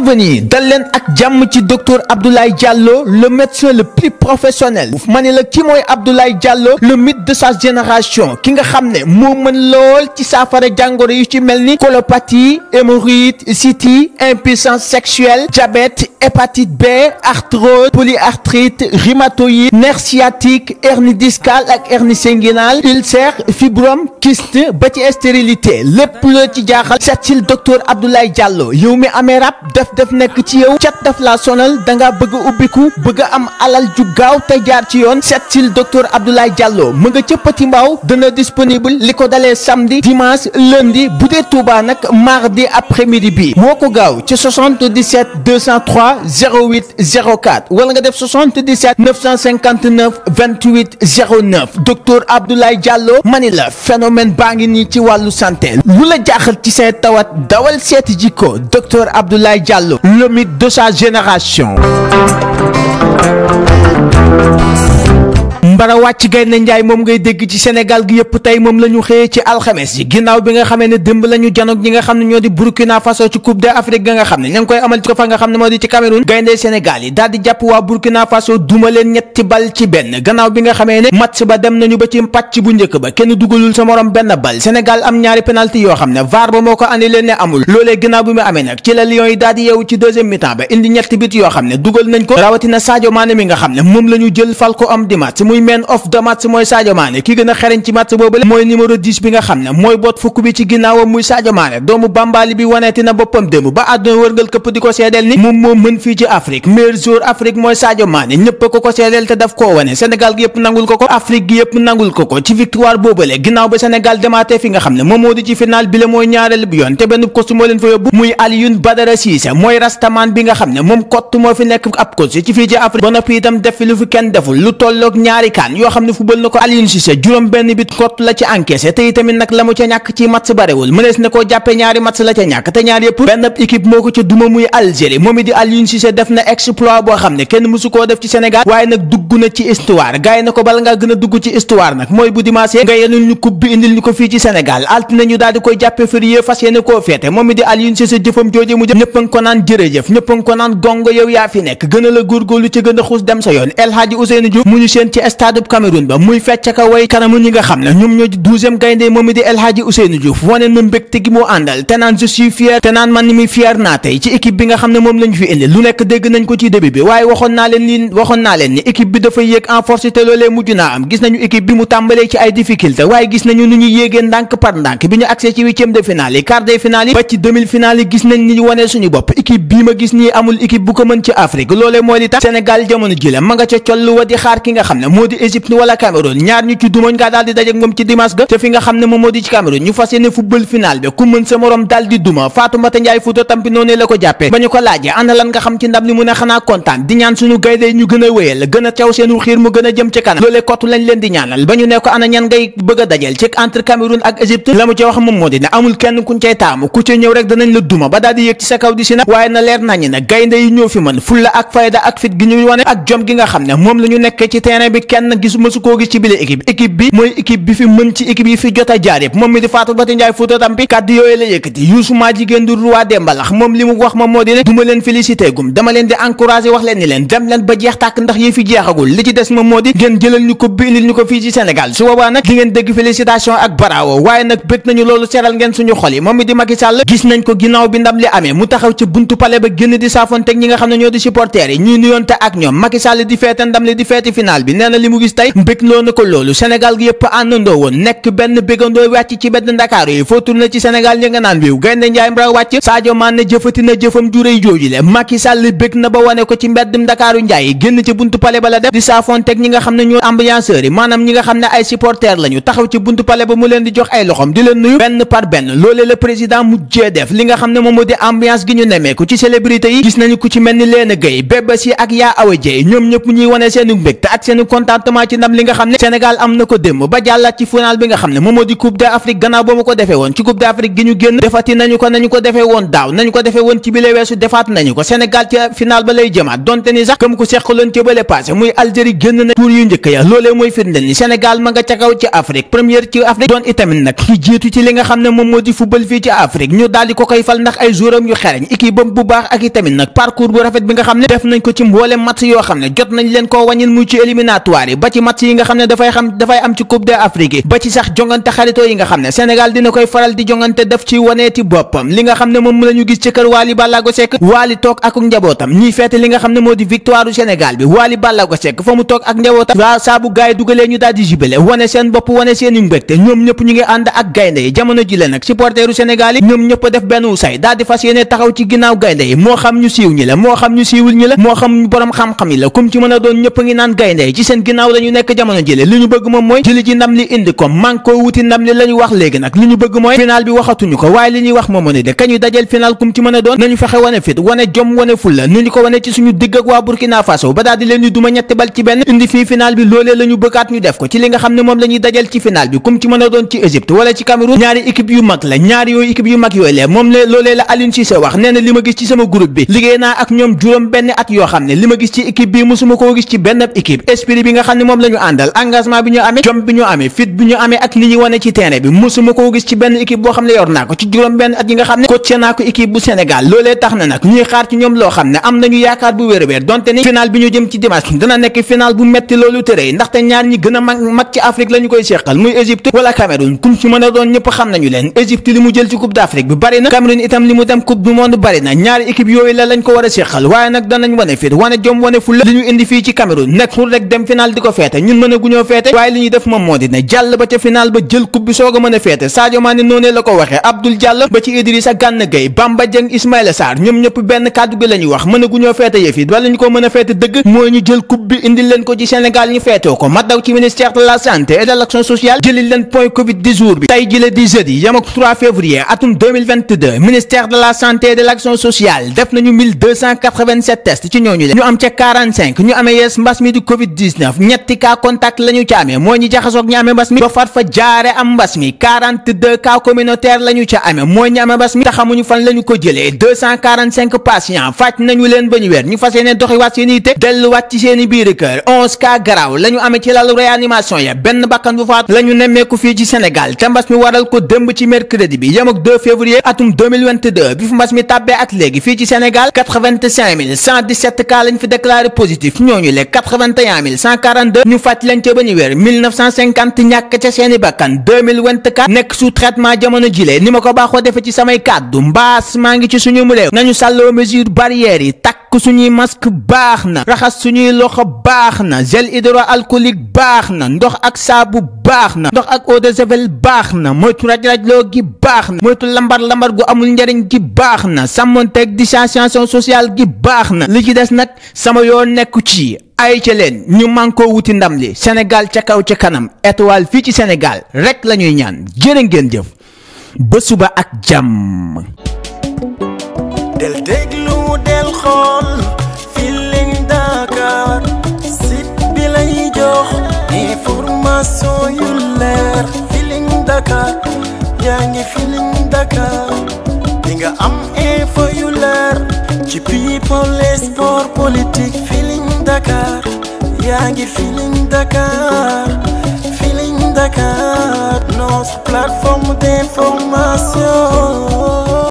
bienvenue leen ak jàmm ci docteur Abdoulaye Diallo le médecin le plus professionnel ma ne la ki mooy Abdoulaye Diallo le mythe de sa génération ki nga xam ne moo mën lool ci saafara jàngoro yu ci mel ni colopathie hémorroïde cystite impuissance sexuelle diabète hépatite B arthrose polyarthrite rhumatoïde nerf sciatique hernie discale ak hernie inguinale ulcère fibrome kyste ba ci stérilité lépp loo ci jaaxal seet si docteur Abdoulaye Diallo yow mi amee rab woyof daf nekk ci yow cat daf la sonal da nga bëgg a ubbiku bëgg a am alal ju gaaw te jaar ci yoon seet sil docteur Abdoulaye Diallo mu nga ca Petit Mbao dana disponible li ko dalee samedi dimanche lundi bu dee Touba nag mardi après midi bi woo ko gaaw ci 77 203 08 04 wala nga def 77 959 28 09 docteur Abdoulaye Diallo mani la phénomène baa ngi nii ci wàllu santé lu la jaaxal ci say tawat dawal seeti jikko docteur Abdoulaye Diallo Diallo, de sa génération. mbara wàcc gaynde njaay moom ngay dégg ci sénégal gi yëpp tey moom la ñu xëyee ci alxames yi ginnaaw bi nga xamee ne démb la ñu janoog ñi nga xam ne ñoo di burkina faso ci coupe d'afrique nga xam ne ña ngi ko fa nga xam ne moo di ci cameroun gaynde sénégal yi daal di jàpp waa burkina faso duma leen ñetti bal bi nga xamee ne match ba dem nañu ba ci pàcc bu njëkk ba kenn dugalul sa morom benn bal sénégal am ñaari penalty yoo xam ne var ba moo ko andi leen ne amul loolee ginnaaw bi mu amee nag ci la lions yi daal di yeewu ci deuxième mi-temps ba indi ñetti bit yoo xam ne dugal nañ ko rawatina sadio mané mi nga xam ne moom la jël fal ko am dimat man of the match mooy Sadio Mané ki gën a xereñ ci match boobu mooy numéro 10 bi nga xam ne mooy boot fukk bi ci ginnaawam muy Sadio Mané doomu Bambali bi waneeti na boppam démb ba àdduna wërngal këpp di ko seedeel ni moom moo mën fii ci Afrique meilleur joueur Afrique mooy Sadio Mané ñëpp ko ko seedeel te daf koo wane Sénégal gi yëpp nangul ko ko Afrique gi yëpp ci victoire boobale ginnaaw ba Sénégal demaatee fi nga xam ne moom moo di ci final bi la mooy ñaareel bu ne moom kott moo fi nekk ab coach kan yoo xam ne football na ko Aliou Cissé juróom benn bit kott la ci encaissé te itamit nag la mu ca ñàkk ci match barewul mënees na koo jàppe ñaari match la ca ñàkk te ñaar yëpp benn équipe moo ko ca duma muy Algérie moom it di Aliou Cissé def na exploit boo xam ne kenn mësu koo def ci Sénégal waaye nag ci histoire gars yi na ko bala ngaa gën a dugg ci histoire nag mooy bu dimanche nga yenul ñu coupe bi indil ñu ci Sénégal altine ñu daal di koy jàppe férié fas a ko naan jërëjëf ñëpp a ngi ko naan gongo yow yaa fi nekk gën a la ci a xuus stade bu ba muy fecc ka way kanamu ñi nga xam ne ñoom ñoo di gaynde moom di El Hadji Ousseynou Diouf wane na mbégte gi mu àndal te naan je suis te naan man ni muy fier naa tey ci équipe bi nga xam ne moom lañu fi indi lu nekk dégg nañ ko ci début bi waaye waxoon naa leen ni équipe bi dafa yéeg en te loolee mujj naa am gis nañu équipe bi mu tàmbalee ci ay difficulté waaye gis nañu ni ñuy yéegee ndànk par ndànk bi ñu accès ci huitième de finale di Égypte wala ñaar ñu ci dumañ ngaa daal daje ak ci dimanche ga te fi nga xam ne moom moo di ci Cameroun ñu fas yéene football final bi ku mën sa morom daal di duma Fatoumata Ndiaye Fouta tampi noonu la ko jàppee ba ñu ne a ko ana ngay bëgg a ci entre Cameroun ak Égypte la mu ca wax moom moo di ne amul kenn kuñ cay taamu ku ca ñëw rek danañ la duma ba daal di ci sa kaw di si na waaye na leer nañu ne gaynde yi ñoo fi mën fulla ak fayda kenn gis mësu koo gis ci bile équipe équipe bi mooy équipe bi fi mën ci équipe yi fi jot a jaar yëpp moom mi di Fatoumata Ndiaye Fouta Tampi kàddu yooyu la yëkkati Youssou maa jigéen du roi dembalax moom li mu wax ma moo di ne du leen félicité gum dama leen di encouragé wax leen ni leen dem leen ba jeex tàkk ndax yi fi jeexagul li ci des ma moo di ngeen jëlal ñu ko bi indil ñu ko fii ci Sénégal su boobaa nag di ngeen dégg félicitation ak bravo waaye nag li mu gis tey bégloo na ko loolu Sénégal gi yëpp àndandoo woon nekk benn bégandoo wàcc ci benn Ndakaaru yi foo tourné ci Sénégal ñi nga naan na jëfam juréy jooju le Macky Sall bég na ba wane ko ci mbedd Ndakaaru Njaay génn ci buntu palais ba la def di saafoonteeg ñi nga xam ne ñoo ambianceurs yi maanaam ñi nga xam ne ay supporters lañu taxaw ci buntu palais ba mu leen di jox ay loxom di leen nuyu benn par benn loolee la président mujjee def li nga xam ne moom moo di ambiance gi ñu nemmeeku ci célébrité yi gis nañu ku ci mel ni Léna contentement Sénégal ci final bi lay jëmaat donte ni sax këm ko seqaloon ci bële passé muy Algérie génn na tour yu njëkk ya loolee mooy firndeel ni Sénégal ma nga ca kaw ci Afrique première ci Afrique doon itamit nag ki jiitu ci li nga xam ne moom moo di football fii ci Afrique ñu daal ko koy fal ndax ay jouram yu xereñ équipe bam bu baax ak itamit nag parcours bu rafet bi nga xam ne def nañ ko ci mboolem match yoo xam ne jot nañ leen koo wàññin muy ci éliminatoire ñaar ba ci match yi nga xam ne dafay xam dafay am ci coupe d'Afrique yi ba ci sax jongante xaritoo yi nga xam ne Sénégal dina koy faral di jongante daf ci waneeti boppam li nga xam ne moom la ñu gis ci kër Waly Ballago Seck Waly toog ak njabootam ñuy feete li nga xam ne moo di victoire Sénégal bi Waly Ballago Seck fa mu toog ak njabootam waa saabu gaay dugalee ñu daal di jubile wane seen bopp wane seen i mbégte ñoom ñëpp ñu ngi ànd ak gaynde yi jamono ji la nag supporteru Sénégal yi ñoom ñëpp def benn wu say daal di fas yéene taxaw ci ginnaaw gaynde moo xam ñu siiw ñi moo xam ñu la moo xam borom xam yi la kum ci mën a doon ñëpp ngi naan gaynde ginnaaw la ñu nekk jamono jële li ñu bëgg moom mooy jëli ji ndam li indi ko man koo wuti ndam li la ñu wax léegi nag li ñu bëgg mooy final bi waxatuñu ko waaye li ñuy wax moom moo ne de kañuy dajal final kum ci mën a doon nañu fexe wane fit wane jom wane fulla ni ñu ko bal ci benn indi fii final bi loolee la ñu bëggaat ñu def ko ci li nga xam ne moom la ñuy dajal ci final bi kum ci mën a doon ci Égypte wala ci Cameroun ñaari équipe yu mag la ñaari yooyu équipe li ma gis ci sama groupe bi liggéey naa ak ñoom xam ne li ma gis ci bi musuma koo gis ci benn équipe esprit bi nga xam moom la ñu àndal engagement bi ñu amee jom bi ñu amee fit bi ñu amee ak li ñu wane ci terrain bi musuma koo gis ci benn équipe boo xam ne yor naa ko ci juróom benn at ne coaché naa na nag ñuy xaar ci ñoom loo xam ne am nañu yaakaar bu wér wér donte ni final bi ñu jëm ci dimanche dina nekk final bu metti loolu tëree ndaxte ñaar ñi gën a mag mag ci Afrique la ñu koy seqal muy Égypte wala Cameroun kum ci mën a doon ñëpp xam nañu leen Égypte li mu jël ci coupe d'Afrique bi bari na Cameroun itam li mu dem coupe du monde bari na ñaari équipe yooyu la lañ ko war a seqal waaye nag danañ wane fit wane fii ci Cameroun nekk pour rek di ko feete ñun mën a guñoo feete waaye li ñuy def moom moo di ne jàll ba ca final ba jël coupe bi soog a mën a feete Sadio Mané noonee la ko waxee Abdoul Diallo ba ci Idrissa Gana Gueye Bamba Dieng Ismaïla Sarr ñoom ñëpp benn kàddu gi la ñuy wax mën a guñoo feete yëf yi wala ñu ko mën a feete dëgg mooy ñu jël coupe bi indil leen ko ci Sénégal ñu feetoo ko ma daw ci ministère de la santé et de l'action sociale jëlil leen point covid 19 bi tey jile di jeudi yam ak 3 atum 2022 ñetti cas contact la ñu ca amee mooy ñi jaxasoog ñi amee mbas mi dofat fa jaare am mbas mi cas communautaire la ñu ca amee mooy ñi amee mbas mi taxamuñu fan la ñu ko jëlee 245 patients fàcc nañu leen ba ñu wér ñu doxiwaat seen i i biiri kër 11 cas garaaw la ñu ci lalu réanimation ya benn bakkan bu faat la nemmeeku fii ci Sénégal te mbas mi waral ko démb ci mercredi bi yem ak 2 atum bi fu mbas mi tàbbee ak léegi fii ci Sénégal 85 117 cas 1942 ñu fàttalante ba ñu weer 1950 ca seeni bakkan 2024 nekk sous traitement jamono jile ni ma ko baaxoo defe ci samay kàddu mbaas maa ngi ci suñu réew nañu sàlloo mesure barrière yi takk takk suñuy masque baax na raxas suñuy loxo baax na gel hydroalcoolique baax na ndox ak saabu baax na ndox ak eau de javel baax na moytu raj loo gi baax na moytu lambar-lambar gu amul njariñ gi baax na sàmmonteeg distanciation sociale gi baax na li ci des nag sama yoon nekku ci ay ca leen ñu man wuti ndam li Sénégal ca kaw ca kanam étoile fii ci Sénégal rek la ñaan jërë ngeen jëf ba suba ak jàmm del déglu del xool Feeling Dakar site bi lay jox yu leer Feeling Dakar yaa ngi Feeling Dakar nga am yu leer ci people et sport politique Feeling Dakar yaa ngi Feeling Dakar Feeling Dakar notre plateforme d'information